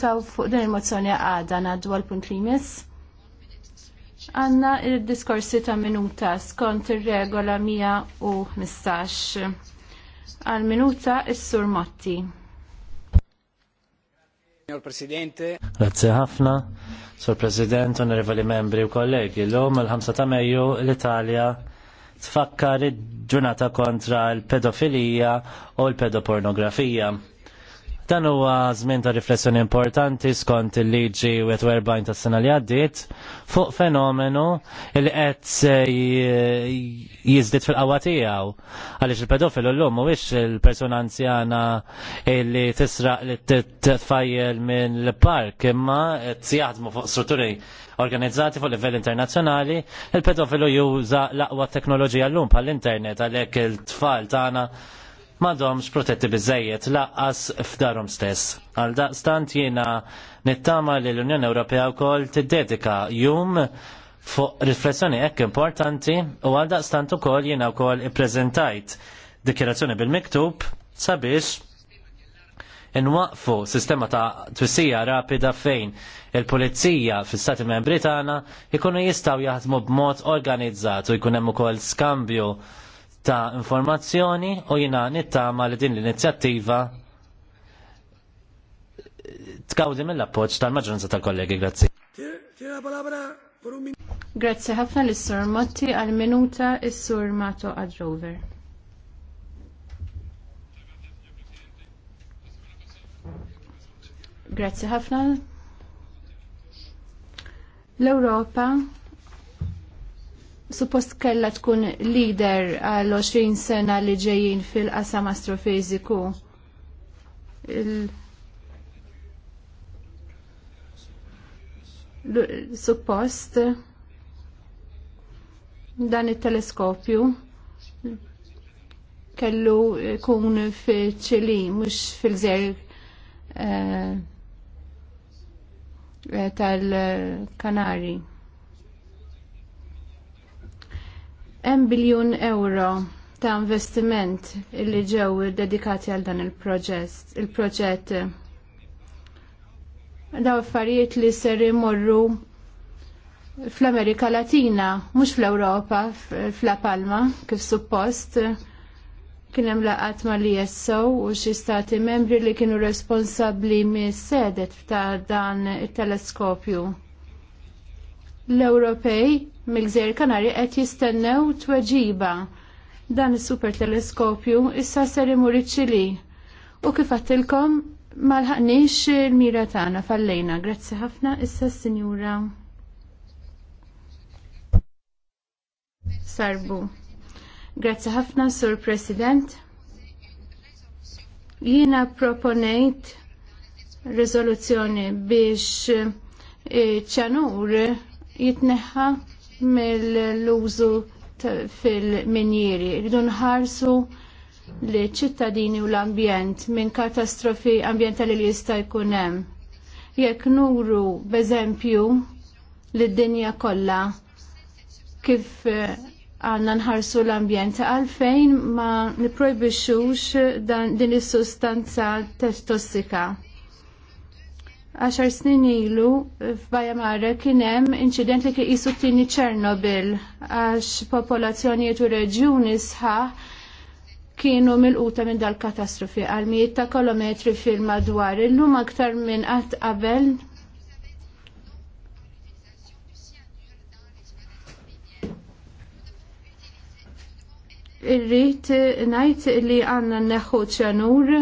Taw fuq din il-mozzjoni għada għaddu għal punt li jmiss. Għanna il-diskorsi ta' minuta skont ir-regola 115. Għal minuta il sur Motti. Signor Presidente. Grazie ħafna. Sur President, onorevoli membri u kollegi, l om il-5 ta' Mejju l-Italja tfakkar id-ġurnata kontra l-pedofilija u l-pedopornografija. Dan huwa żmien ta' riflessjoni importanti skont il-liġi 41 tas sena li għaddiet fuq fenomenu li qed jiżdied fil-qawwa tiegħu. Għaliex il-pedofilu llum mhuwiex il-persuna anzjana li tisraq li tfajjel minn l-park imma qed jaħdmu fuq strutturi organizzati fuq livell internazzjonali, il-pedofilu juża l-aqwa teknoloġija llum bħall-internet għalhekk il-tfal tagħna madomx protetti bizzejiet laqqas f'darhom stess. Għal daqstant jiena nittama li l-Unjoni Ewropea wkoll tiddedika jum fuq riflessjoni hekk importanti u għal daqstant ukoll jiena wkoll ippreżentajt dikjerazzjoni bil-miktub sabiex inwaqfu sistema ta' twissija rapida fejn il-pulizija fis-Stati Membri tagħna jkunu jistgħu jaħdmu b'mod organizzat u jkun hemm ukoll skambju ta' informazzjoni u jina nittama li din l-inizjattiva tkawdi mill-appoċ tal-maġġoranza tal-kollegi, grazzi. Grazzi ħafna l-Sur Motti għal-minuta s-Sur Mato Adrover. Grazzi ħafna. L-Europa suppost kella tkun leader għal 20 sena li ġejjin fil-qasam astrofiziku. Suppost dan it-teleskopju kellu kun fil-ċili, mux fil-żer eh, eh, tal-Kanari. Hemm biljun euro ta' investiment illi ġew dedikati għal dan il-proġett. Il-proġett daw affarijiet li ser imorru fl-Amerika Latina, mhux fl-Ewropa, fl Palma, kif suppost, kien hemm laqat ma li jessow u xi stati membri li kienu responsabbli mis-sedet ta' dan it-teleskopju. L-Ewropej mill-Gżejjer Kanari qed jistennew tweġiba. Dan is-super teleskopju issa ser imur iċ-Ċili. U kif għattilkom malħaqniex il-mira tagħna fallejna. Grazzi ħafna issa s-Sinjura. Sarbu. Grazzi ħafna, Sur President. Jiena proponejt rezoluzzjoni biex eh, ċanur jitneħħa mill-użu fil-minjiri. Rridu nħarsu li ċittadini u l-ambjent minn katastrofi ambjentali li jista' jkun hemm. Jekk nuru b'eżempju lid-dinja kollha kif eh, għanna nħarsu l-ambjent għalfejn ma niprojbixux din is-sustanza tossika għaxar snin ilu f'Baja Mara kien hemm inċident li kiqisu t tini Ċernobil għax popolazzjonijiet u reġjuni sħaħ kienu milquta minn dal-katastrofi għal mijiet ta' kilometri fil-madwar. Illum aktar minn qatt qabel irrit najt li għanna neħu ċanur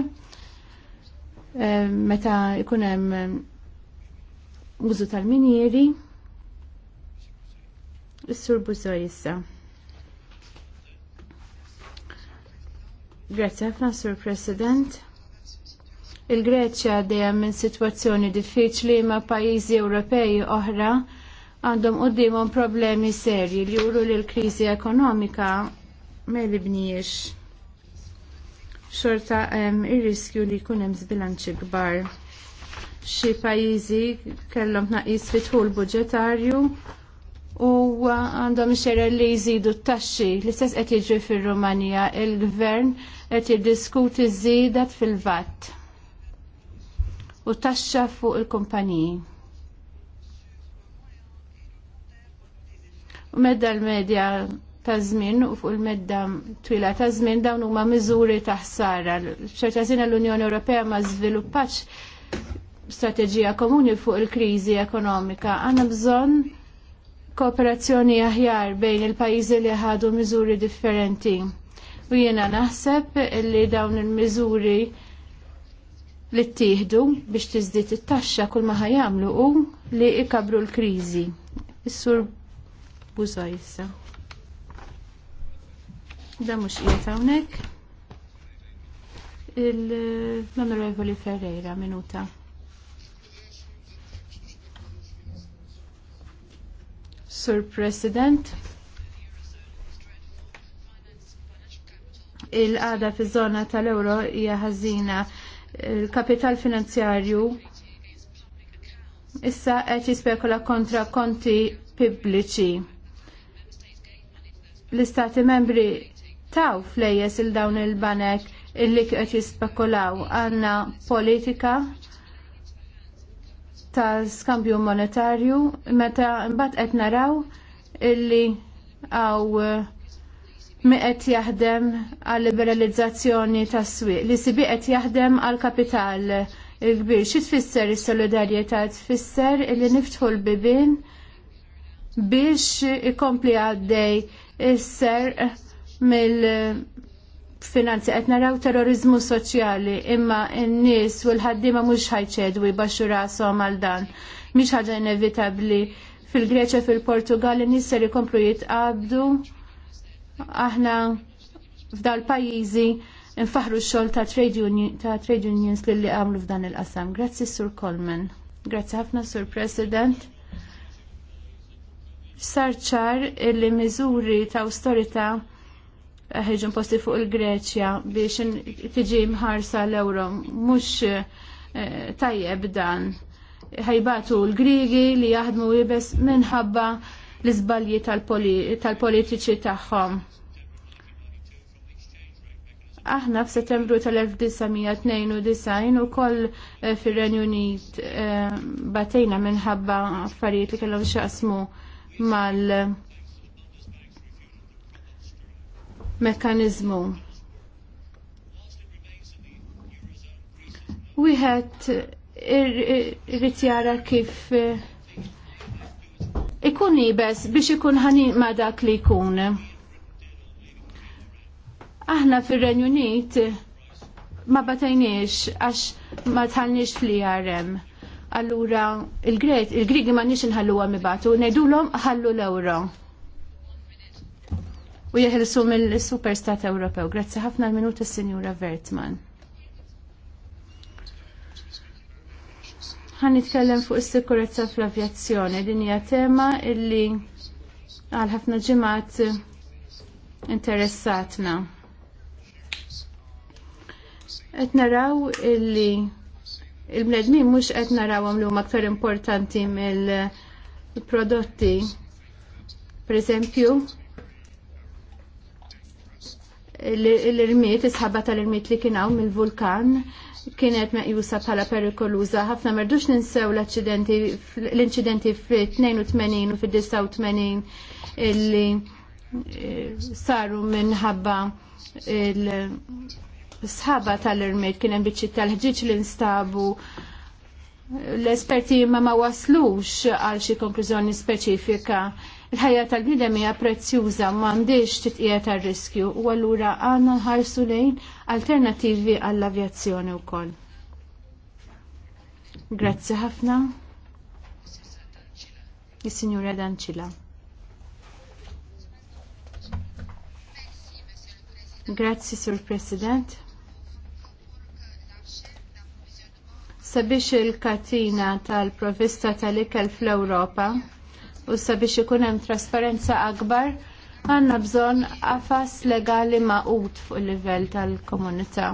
Eh, meta ikunem hemm eh, użu tal-minieri is-sur buzzo issa. Grazie ħafna, Sur President. Il-Greċja dejjem minn sitwazzjoni diffiċli ma' pajjiżi Ewropej oħra għandhom qudiemhom problemi serji li juru li l-kriżi ekonomika ma libniex xorta hemm ir-riskju li jkun hemm żbilanċi kbar. Xi pajjiżi kellhom tnaqqis fitħul budġetarju u għandhom xera li jżidu t-taxxi. L-istess qed jiġri fir-Rumanija, il-gvern qed jiddiskuti żiedat fil-vatt u taxxa fuq il-kumpaniji. U medda l-medja ta' żmien u fuq il-medda twila ta' żmien dawn huma miżuri ta' ħsara. żina l-Unjoni Ewropea ma żviluppax strateġija komuni fuq il-kriżi ekonomika. Għandna bżonn kooperazzjoni aħjar bejn il-pajjiżi li ħadu miżuri differenti. U jiena naħseb li dawn il-miżuri li ttieħdu biex tiżdied it-taxxa kull ma ħajamlu u li ikabru l-kriżi. Is-sur Bużoj issa. Da mux jiet hawnhekk. Il-Onorevoli Ferreira, minuta. Sur President, il-qada fi zona tal-euro hija ħażina l kapital finanzjarju issa qed jispekula kontra konti pubbliċi. L-istati membri taw flejes il dawn il-banek illi qed jispekulaw għandna politika ta' skambju monetarju meta mbagħad qed naraw illi għaw qed jaħdem għal liberalizzazzjoni tas-swieq li sibi qed jaħdem għal kapital il-kbir. Xi tfisser is-solidarjetà tfisser illi niftħu l-bibin biex ikompli għaddej is-serq mill-finanzi qed naraw terrorizmu soċjali imma n-nies u l-ħaddiema mhux ħajċedu jbaxxu rashom għal dan. Mhix ħaġa inevitabbli fil-Greċja fil-Portugal n-nies ser ikomplu jitqabdu aħna f'dal pajjiżi nfaħru x-xogħol ta' trade, union, ta trade unions li li għamlu f'dan il-qasam. Grazzi Sur Coleman. Grazzi ħafna Sur President. Sarċar li miżuri ta' austerità n imposti fuq il-Greċja biex tiġi mħarsa l-euro. Mux eh, tajjeb dan. ħajbatu l-Grigi li jaħdmu jibes minħabba l-izbalji tal-politiċi tagħhom aħna f'Settembru tal-1992 u koll eh, fil-Renju Unit eh, batejna minħabba affarijiet li kellhom xaqsmu mal- mekkaniżmu. Wieħed irrid jara kif eh, ikun ibes biex ikun ħanin ma dak li jkun. Aħna fir-Renju Unit ma batajniex għax ma tħallniex fl-IRM. Allura il grigi il ma nix nħallu għamibatu, l-om ħallu l-euro u jeħilsu mill-Superstat Ewropew. Grazzi ħafna l-minuta Sinjura Vertman. Għan nitkellem fuq is-sikurezza fl-avjazzjoni. Din hija tema illi għal ħafna ġimgħat interessatna. Qed naraw illi il-bnedmin mhux qed narawhom li huma aktar importanti mill-prodotti. Per esempio, l-irmiet, isħabba tal-irmiet li kienaw mill-vulkan kienet meqjusa bħala perikoluża. Ħafna merdux ninsew l incidenti fl-82 u fil-89 illi eh, saru minħabba l-sħaba tal-irmiet kien hemm biċċiet tal-ħġiġ li nstabu l-esperti ma ma waslux għal xi konklużjoni speċifika Il-ħajja tal-bnidem hija prezzjuża m'għandix titqija tar-riskju u allura għandna nħarsu lejn alternattivi għall-avjazzjoni wkoll. Grazzi ħafna. Is-Sinjura Danċila. Grazzi, Sur President. Sabiex il-katina tal-provista tal-ikel fl-Europa, u sabiex ikun hemm trasparenza akbar għandna bżonn qafas legali maqut fuq il-livell tal-komunità.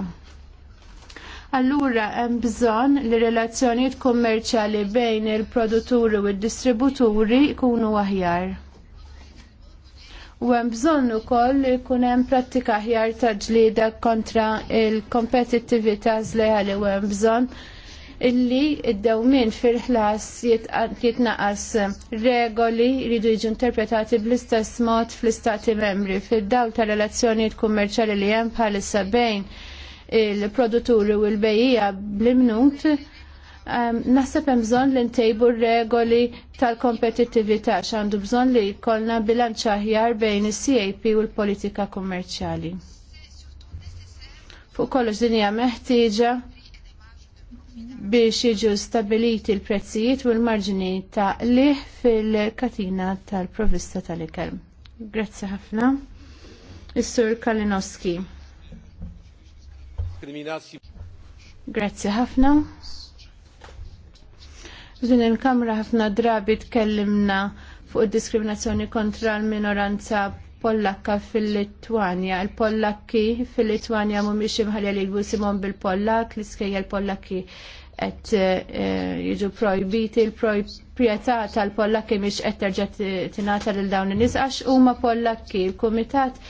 Allura hemm bżonn li relazzjonijiet kummerċjali bejn il-produtturi u d-distributuri jkunu aħjar. U hemm bżonn ukoll li jkun hemm prattika aħjar ta' ġlieda kontra il-kompetittività żlejali u hemm bżonn illi id-dewmin fil-ħlas jitnaqas regoli jridu jiġu interpretati bl-istess mod fl-istati membri fil-dawl ta' relazzjonijiet kummerċali li hemm bħalissa bejn il-produtturi u l-bejija bl-imnut. Naħseb hemm bżonn li ntejbu regoli tal-kompetittività x'għandu bżonn li jkollna bilanċ aħjar bejn is-CAP u l-politika kummerċjali. Fuq kollox din hija meħtieġa biex jiġu stabiliti l-prezzijiet u l-marġini ta' liħ fil-katina tal-provista tal-ikel. Grazzi ħafna. Is-Sur Kalinowski. Grazzi ħafna. Din il-Kamra ħafna drabi tkellimna fuq id diskriminazzjoni kontra l-minoranza Pollakka fil-Litwanja. Il-Pollakki fil-Litwanja mhumiex imħalja li jgħu bil-Pollak, l-iskejjel Pollakki qed eh, jiġu projbiti l-proprjetà tal-Pollakki mhix qed terġa' tingħata lil dawn in-nies għax huma Pollakki. Il-Kumitat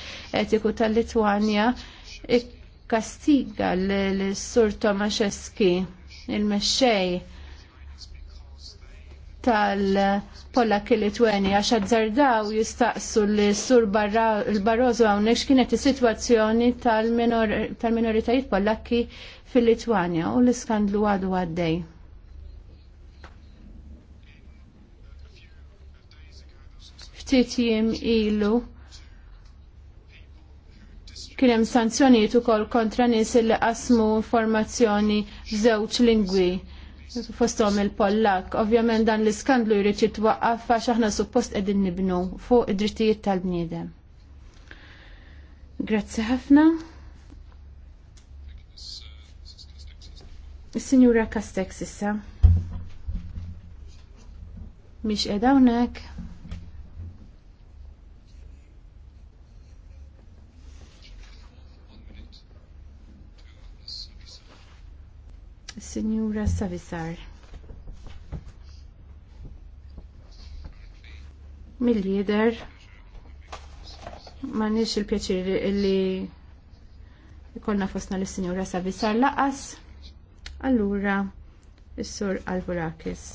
Etiku tal-Litwanja kastiga l-Sur Tomaszewski il-mexxej tal-Polla Litwani għax azzardaw jistaqsu li sur Barroso hawnhekk kienet is-sitwazzjoni tal-minoritajiet Pollakki fil-Litwanja u l-iskandlu għadu għaddej. Ftit jiem ilu kien hemm sanzjonijiet ukoll kontra nies li qasmu informazzjoni f'żewġ lingwi fostom il-Pollak. Ovvjament dan l-iskandlu jrid jitwaqqaf għax aħna suppost qegħdin nibnu fuq id-drittijiet tal-bniedem. Grazzi ħafna. Is-Sinjura Castex issa. Mhix qiegħda hawnhekk. Signora Savisar. Mill-lider, ma nix il-pjaċir li jkollna fosna l-Signora Savisar laqas. Allura, il-Sur Alvorakis.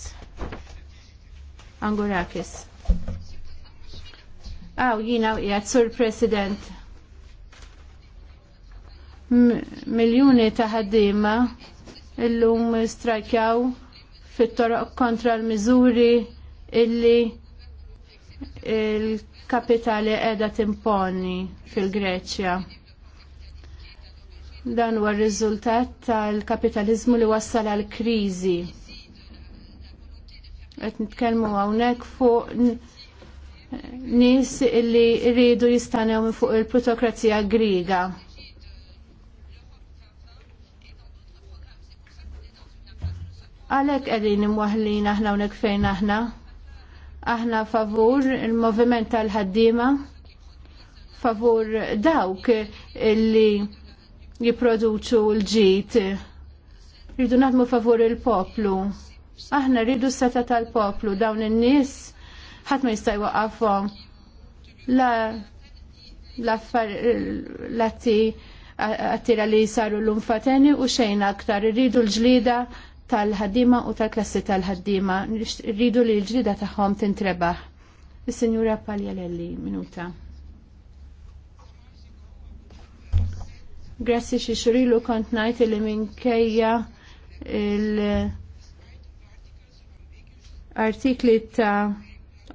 Angurakis. Aw, jina jgħat Sur President. Miljoni ta' ħaddima illum strajkjaw fit-toroq kontra l-miżuri illi il-kapitali qiegħda timponi fil-Greċja. Dan huwa r-riżultat tal-kapitaliżmu li wassal għal kriżi. Qed nitkellmu hawnhekk fuq nies illi rridu jistanew fuq il-plutokrazija griega Għalhekk qegħdin imwaħlin aħna unek fejn aħna. Aħna favur il-moviment tal-ħaddiema, favur dawk li jipproduċu l ġit Rridu naħdmu favur il-poplu. Aħna rridu s-seta tal-poplu dawn in-nies ħadd ma jista' jwaqafhom. La l-atti attira li jisaru l-umfateni u xejn aktar irridu l-ġlida tal-ħaddima u tal-klassi tal-ħaddima. Rridu li l-ġrida taħħom tintrebaħ. Is-Sinjura Paljalelli, minuta. Grazzi xi xurilu kont ngħid li minkejja il- artikli ta'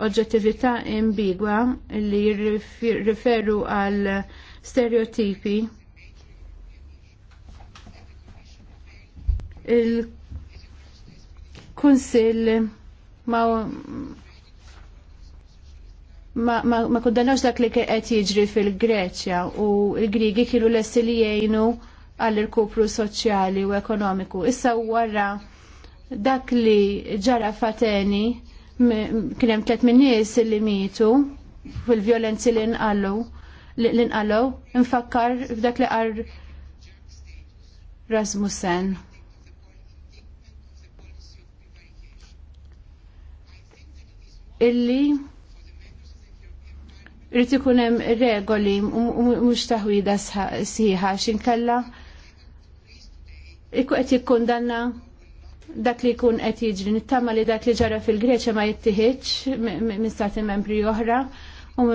oġġettività imbigwa li jirriferu għal stereotipi il il-Kunsill ma ma, ma, ma dak li qed jiġri fil-Greċja u l-Grigi kienu l-essi li jgħinu għall irkupru soċjali u ekonomiku. Issa wara dak li ġara fateni kien hemm tliet min li mitu fil-vjolenzi li nqallu li nqallu nfakkar f'dak li qar Rasmussen. illi irrid ikun hemm regoli mhux taħwida sħiħa x'inkella qed jikkundanna dak li jkun qed jiġri nittama li dak li ġara fil-Greċja ma jittiħiċ minn stati membri oħra u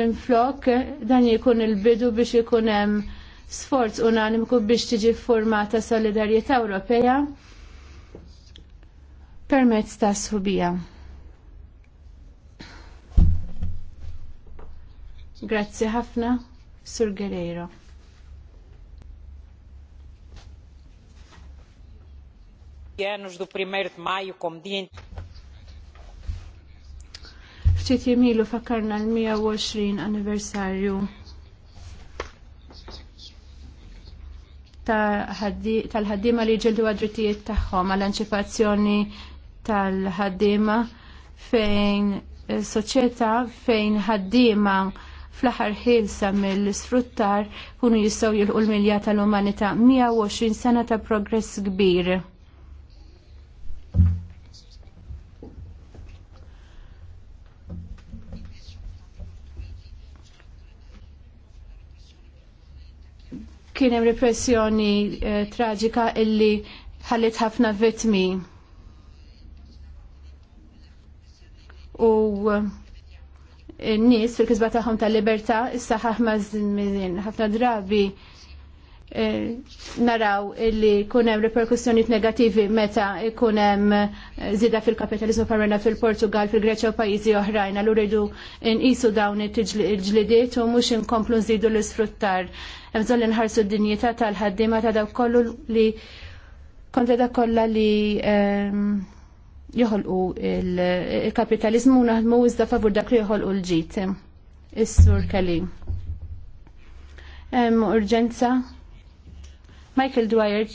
minn flok dan jikun il-bidu biex ikun hemm sforz unanimku biex tiġi formata solidarjetà Ewropea permezz ta' subija. Grazzi ħafna, Sur Guerrero. anos do 1 de maio como dia Ftit jemilu fakarna l-120 anniversarju tal-ħaddima li ġildu għadritijiet tagħhom għall-anċipazzjoni tal-ħaddima fejn eh, soċieta fejn ħaddima fl-aħħar ħilsa mill-sfruttar kunu jistgħu jilqu l-milja tal-umanità 120 sena ta' progress kbir. Kien hemm repressjoni eh, traġika illi ħallit ħafna vittmi. U n-nies fil-kisba tagħhom tal-libertà issa ħaħma żmien ħafna drabi eh, naraw li kunem hemm reperkussjonijiet meta kunem hemm eh, fil-kapitalizmu parrena fil-Portugal, fil-Greċja u pajjiżi oħrajn għal uridu nqisu dawn it-ġlidiet u mhux inkomplu nżidu l-isfruttar. Mżon bżonn inħarsu d-dinjità tal-ħaddiema ta' dawk kollu li kontra dak kollha li ehm, joħolqu il-kapitalizmu u naħdmu iżda favur dak li joħolqu l-ġit. Is-sur Kelly. Hemm urġenza. Michael Dwyer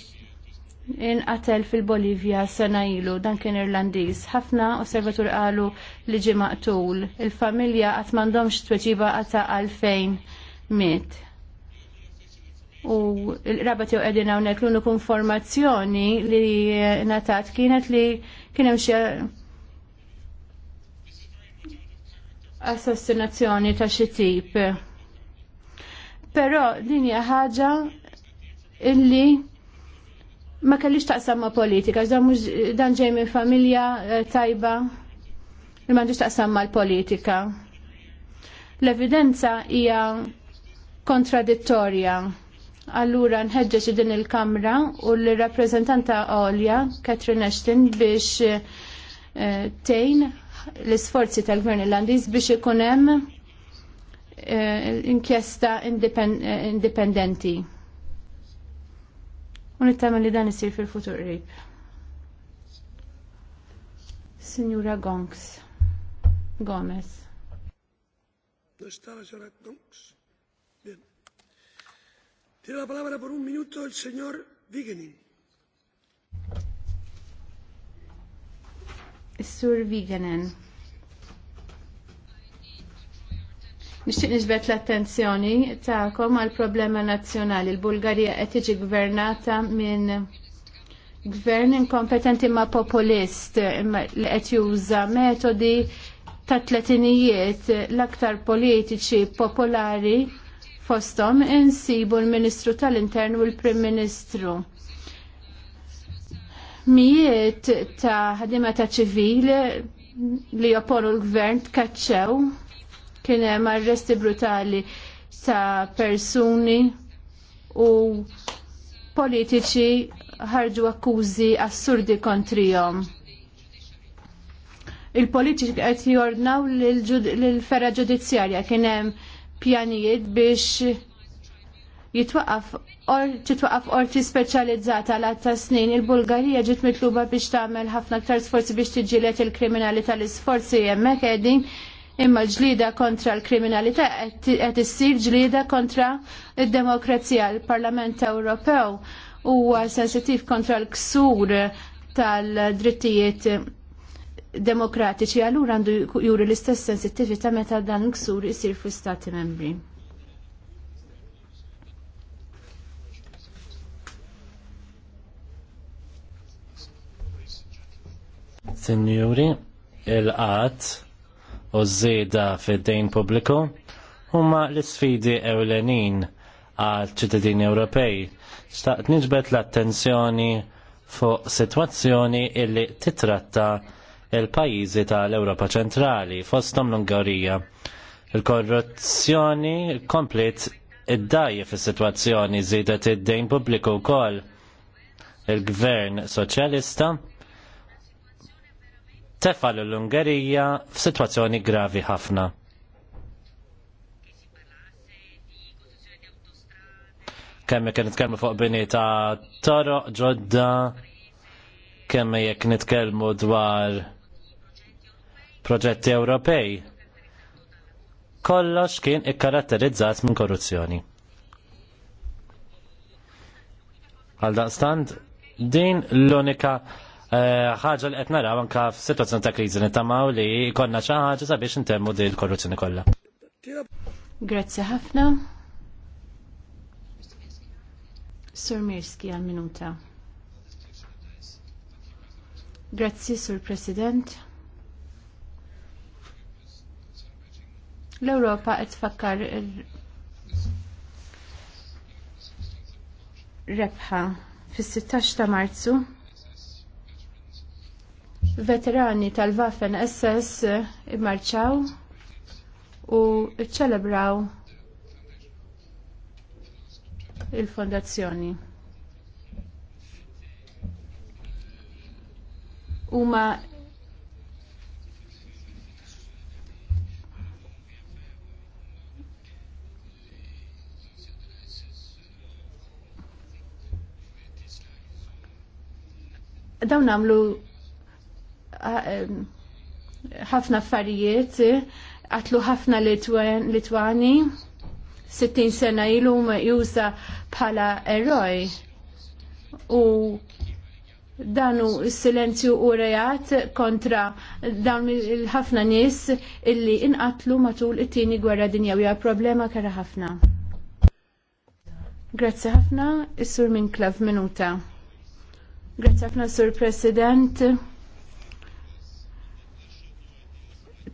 inqatel fil-Bolivja sena ilu dan kien Irlandiż. Ħafna osservatur qalu li ġie maqtul. Il-familja qatt m'għandhomx tweġiba għata għalfejn miet u l-rabat jew qegħdin hawnhekk l-uniku informazzjoni li natat kienet li kien hemm xi assassinazzjoni ta' xi tip. Però din hija ħaġa illi ma kellix taqsam ma' politika, dan ġej minn familja eh, tajba li m'għandux taqsam l politika L-evidenza hija kontradittorja. Allura nħedġeġ din il-kamra u l-rappresentanta Olja, Katrin Ashton, biex eh, tejn l-sforzi tal-Gvern Irlandiż biex ikun hemm eh, inkjesta eh, indipendenti. U nittama li dan isir fil-futur qrib. Signora Gonks. Gomez. Gomez. Tiene la palabra por un minuto el señor Vigenin. Sur Vigenin. Nixtieq niġbed l-attenzjoni tagħkom għal problema nazzjonali. Il-Bulgarija qed tiġi gvernata minn gvern inkompetenti ma' populist li qed juża metodi ta' tletinijiet l-aktar politiċi popolari fostom insibu l-Ministru tal-Intern u l-Prim Ministru. Mijiet ta' ħadima ta' ċivili li jopponu l-gvern tkaċċew kien hemm arresti brutali ta' persuni u politiċi ħarġu akkużi assurdi kontrihom. Il-politiċi qed jordnaw lill-fera ġudizzjarja kien hemm pjanijiet biex jitwaqaf or titwaqaf orti speċjalizzata għal ta' snin il-Bulgarija ġiet mitluba biex tagħmel ħafna aktar sforzi biex tiġġieled il kriminalità l isforzi hemmhekk qegħdin imma ġlida kontra l-kriminalità qed issir ġlida kontra id-demokrazija. L-Parlament Ewropew huwa sensittiv kontra l-ksur tal-drittijiet demokratiċi għallura għandu juri l-istess sensittivita meta dan l-ksur jisir fu stati membri. Senjuri, il-qat u z-zeda fid-dejn publiku huma l-sfidi ewlenin għal ċittadini Ewropej. Staqt nġbet l-attenzjoni fuq situazzjoni illi titratta il-pajjiżi tal-Ewropa ċentrali fosthom l-Ungarija. Il-korruzzjoni komplet id-dajje fis-sitwazzjoni żiedet id-dejn pubbliku wkoll il-gvern soċjalista tefal l-Ungerija f'sitwazzjoni gravi ħafna. kemm jekk nitkellmu fuq bini ta' toroq ġodda, kemm jekk nitkellmu dwar proġetti Ewropej. Kollox kien ikkaratterizzat minn korruzzjoni. Għal daqstant, din l-unika eh, ħaġa li qed naraw anke f'sitwazzjoni ta' kriżi nittamaw li jkollna xi ħaġa sabiex intemmu din il-korruzzjoni kollha. Grazzi ħafna. Sur Mirski għal minuta. Grazzi, Sur President. l-Ewropa qed tfakkar rebħa fis-16 ta' Marzu. Veterani tal-Waffen SS immarċaw u ċċelebraw il-fondazzjoni. Huma dawn namlu ħafna affarijiet, għatlu ħafna Litwani, 60 sena ilu juża bħala eroj. U danu s-silenzju u rejat kontra dawn il-ħafna nis illi inqatlu matul it-tieni gwerra u problema kera ħafna. Grazzi ħafna, is-sur minn klav minuta. Grazie ħafna Sur President.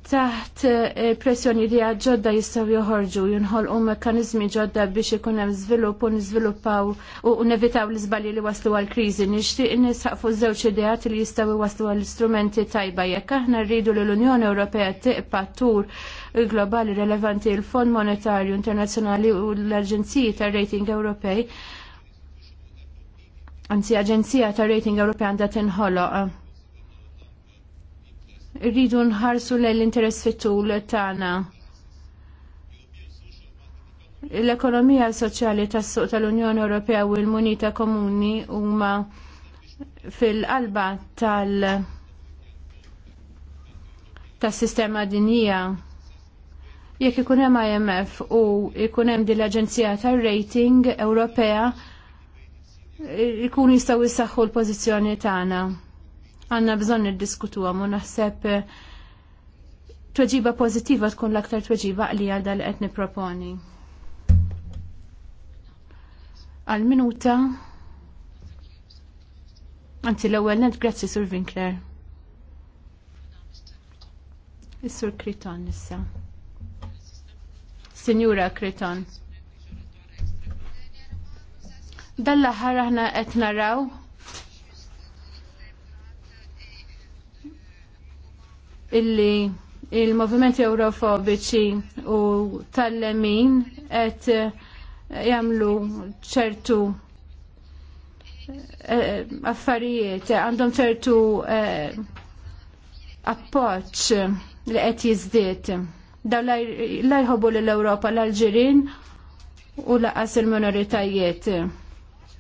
Taħt eh, pressjoni li ġodda jistaw joħorġu jinħolqu mekanizmi ġodda biex ikun hemm żvilupp u niżviluppaw u nevitaw l-iżbalji li waslu għal kriżi. Nixtieq nisħaq fuq żewġ ideat li jistgħu waslu għal istrumenti tajba jekk aħna rridu li l-Unjoni Ewropea tiqpa tur globali relevanti il-Fond Monetarju Internazzjonali u l-Aġenziji tar-Rating Ewropej anzi Aġenzija ta' Rating Ewropea għandha tinħoloq. Irridu nħarsu lejn l-interess fit-tul tagħna. L-ekonomija soċjali tas-suq tal-Unjoni Ewropea u l-Munita Komuni huma fil-qalba tal- tas-sistema dinjija jekk ikun hemm IMF u ikun hemm din l-Aġenzija tar-Rating Ewropea Ikunu jistgħu jissaħħu l-pożizzjoni tagħna. Għandna bżonn niddiskutuhom u naħseb eh, tweġiba pożittiva tkun l-aktar tweġiba li għal dal qed nipproponi. Għal minuta Anzi l-ewwel net grazzi Sur Winkler. Is-Sur Kriton issa. Sinjura Kriton dalla l-aħħar aħna qed naraw illi il-movimenti eurofobiċi u tal-lemin qed eh, jagħmlu ċertu eh, eh, affarijiet għandhom ċertu appoċ li qed jiżdied. Daw la jħobbu l-Ewropa l-Alġirin u laqas il-minoritajiet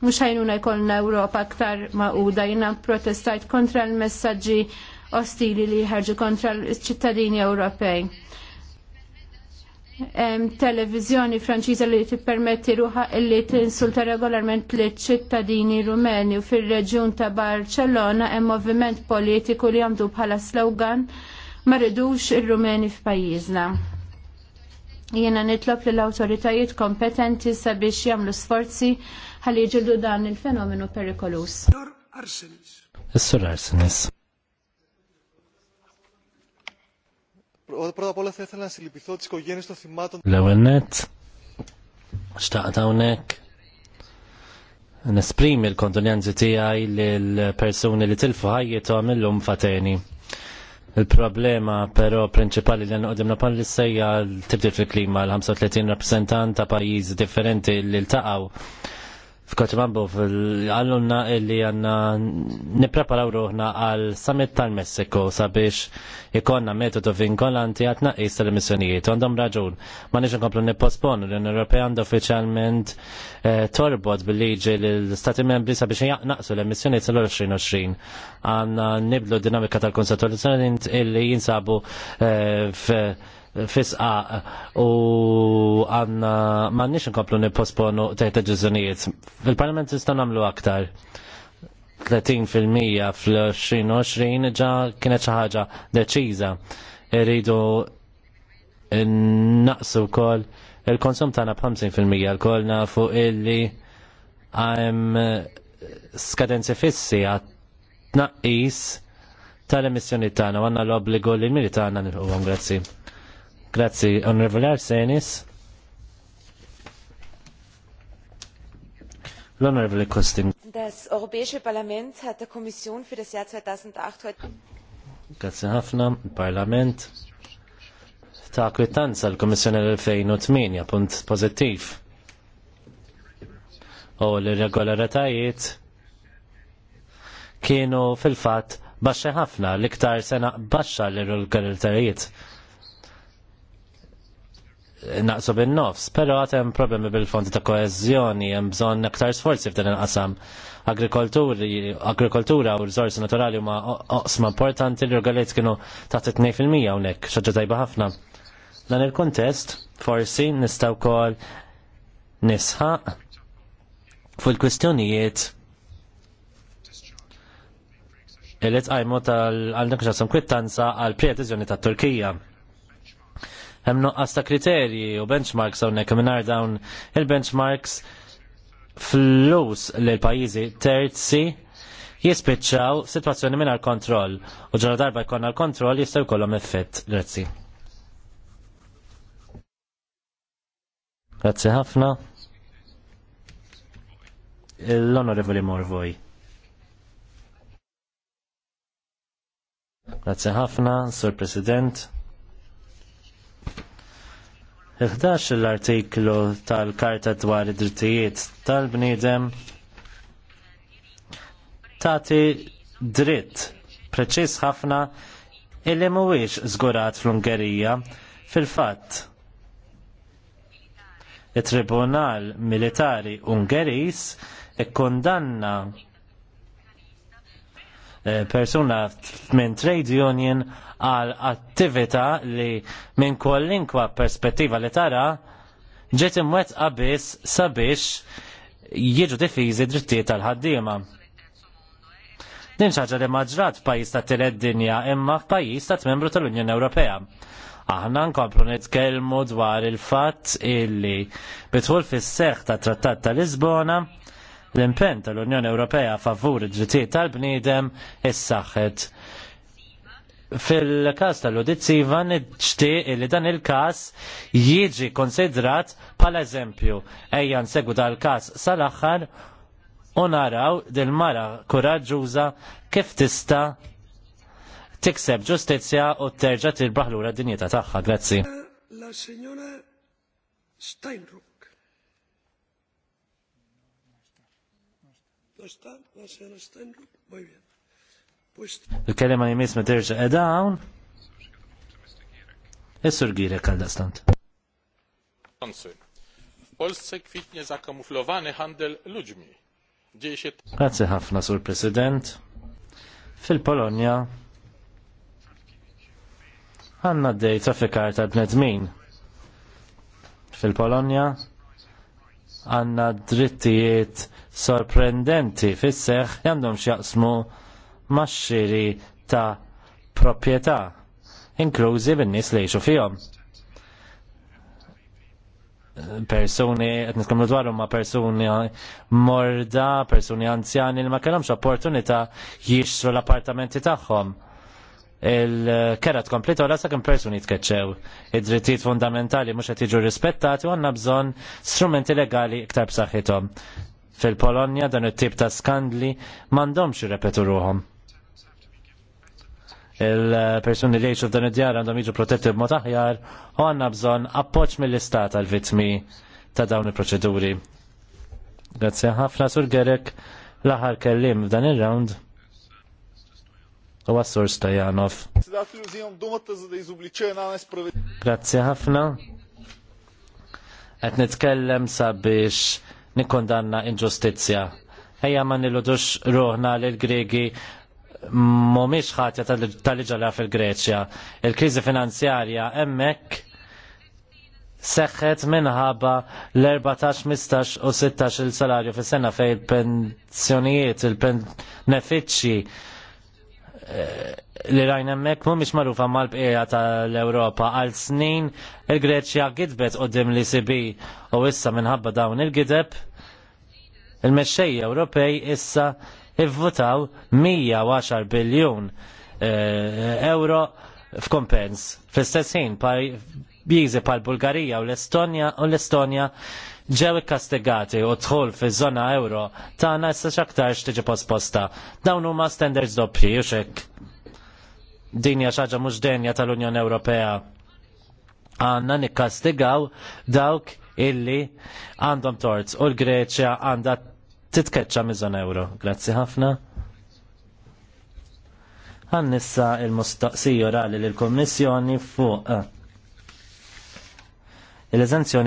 mhux ħajnuna jkollna Ewropa aktar maquda jiena protestajt kontra l-messaġġi ostili li ħarġu kontra l-ċittadini Ewropej. Televizjoni Franċiża li tippermetti ruħa li tinsulta regolarment li ċittadini rumeni u fir-reġjun ta' Barcellona hemm moviment politiku li għamdu bħala slogan ma ridux ir-Rumeni f'pajjiżna. Jiena nitlob lill awtoritajiet kompetenti sabiex jagħmlu sforzi ħalli ġildu dan il-fenomenu perikolus. Is-sur Arsenis. Πρώτα απ' όλα θα ήθελα να συλληπιθώ τις οικογένειες των θυμάτων. Nesprimi l-kondonjanzi tiegħi lill-persuni li tilfu ħajjithom illum fateni. Il-problema però prinċipali li na pan li sejja tibdil fil-klima l-35 rappresentant ta' pajjiżi differenti li l-taqaw f'Kotrambo għallunna illi għanna nipreparaw ruħna għal summit tal-Messiko sabiex ikonna metodu kollanti għatna is tal-missjonijiet. Għandhom raġun, ma nix nkomplu nipposponu l-Unjoni Ewropea għandu uffiċjalment eh, torbot bil-liġi l-Stati membri sabiex jaqnaqsu l-emissjonijiet sal-2020. Għanna niblu dinamika tal-konsultazzjoni illi jinsabu eh, f' fisqa u għanna nix nkomplu nipposponu tajt ġizunijiet. Fil-Parlament nistgħu nagħmlu aktar. 30% fl-2020 ġa kienet xi ħaġa deċiża. Irridu naqsu wkoll il-konsum tagħna b'50% l-kol fuq illi għajm skadenzi fissi għat naqis tal-emissjoni tagħna u għandna l-obbligo li l għanna tagħna nilħu grazzi. Grazzi, Onorevole Arsenis. L'Onorevole onorevole Kostin. Das Europäische Parlament hat der Kommission für das Jahr 2008 heute... Grazie ħafna, Parlament. Ta' kwittanza l-Komissjoni l-2008, punt pozittiv. U l-regolaritajiet kienu fil-fat baxxa ħafna, l-iktar sena baxxa l-regolaritajiet naqsu bin-nofs, però għad hemm problemi bil-fondi ta' koezjoni hemm bżonn aktar sforzi f'dan il-qasam. Agrikoltura u rizorsi naturali huma oqsma importanti li rgalet kienu taħt 2% hawnhekk, xaġġa tajba ħafna. Dan il-kuntest forsi nistgħu wkoll nisħaq fuq il-kwistjonijiet il-li tqajmu tal-għandek xasam kwittanza għal-preadizjoni tat-Turkija hemm noqqas ta' kriterji u benchmarks hawnhekk mingħajr dawn il-benchmarks flus lil pajjiżi terzi jispiċċaw sitwazzjoni mingħajr kontroll u ġara darba jkollna l-kontroll jistgħu jkollhom effett. Grazzi. Grazzi ħafna. L-Onorevoli Morvoj. Grazie ħafna, Sur President. Iħdax l-artiklu tal-Karta dwar id-drittijiet tal-bniedem tagħti dritt preċiż ħafna illi mhuwiex żgurat fl-Ungerija fil-fatt. it tribunal Militari Ungeriż ikkundanna Eh, persuna minn trade union għal attività li minn kwallinkwa perspettiva li tara ġiet imwet biss sabiex jiġu difiżi drittijiet tal-ħaddiema. Din ħaġa li maġrat f'pajjiż ta' tired dinja imma f'pajjiż ta' membru tal-Unjoni Ewropea. Aħna nkomplu nitkellmu dwar il-fatt illi bidħul fis-seħħ tat Trattat ta' Lisbona L-impenn tal-Unjoni Ewropea favur id-drittijiet tal-bniedem issaħħet. Fil-kas tal-udizziva nġti li dan il-kas jiġi konsidrat pal eżempju ejja segu dal-kas sal-axħar u naraw dil-mara kuraġġuża kif tista' tikseb ġustizzja u terġa' tirbaħlura d-dinjeta tagħha. Grazzi. La signora Steinruck. il kelem għan jimis me terġa edawn. Is-sur Girek għal dastant. Polsce kwitnie zakamuflowany handel ludźmi. Dzieje się... Grazie ħafna, sur President. fil polonia għanna d-dej trafikar ta' bnedmin. fil polonia għanna drittijiet sorprendenti fisseħ għandhom xjaqsmu maċċiri ta' proprjetà, inklużi bin-nies li jgħixu fihom persuni, qed nitkellmu dwarhom ma' persuni morda, persuni anzjani li ma kellhomx opportunità jixtru l-appartamenti tagħhom il-kera tkompli u sa' kem personi tkeċċew. Id-drittijiet fundamentali mux qed jiġu rispettati u għandna bżonn strumenti legali iktar b'saħħithom. Fil-Polonja dan it-tip ta' skandli m'għandhomx irrepetu ruhom il-persuni li jiexu f'dan id-djar għandhom jiġu protetti b'mod aħjar u għandna bżonn appoġġ mill-istat għal vittmi ta' dawn il-proċeduri. Grazie ħafna sur Gerek l-aħħar kellim f'dan ir-round u għassur Stojanov. Grazzi ħafna. Qed nitkellem sabiex nikondanna inġustizzja. Ejja ma nilludux ruħna lil Gregi mhumiex ħatja tal-ġala fil-Greċja. Il-kriżi finanzjarja hemmhekk seħħet minħabba l-14, 15 u 16 il-salarju fis sena fej il-pensjonijiet, il-benefiċċji li rajna mek mumiex marufa mal-bqija tal-Europa għal snin il-Greċja gidbet qoddim li sibi u issa minħabba dawn il-gideb il-mexxej Ewropej issa ivvutaw 110 biljun eh, euro f'kompens. Fl-istess ħin pajjiżi pal-Bulgarija u l-Estonja u l-Estonja ġew ikkastigati u dħul fi żona euro tagħna issa x'aktar tiġi posposta. Dawn huma standards doppji u xek. Din hija xaġa mhux denja tal-Unjoni Ewropea. Għanna nikkastigaw dawk illi għandhom tort u l-Greċja għandha titkeċċa miżon euro. Grazzi ħafna. Għannissa il-mustaqsija rali l-Kommissjoni fuq. Il-eżenzjoni eh,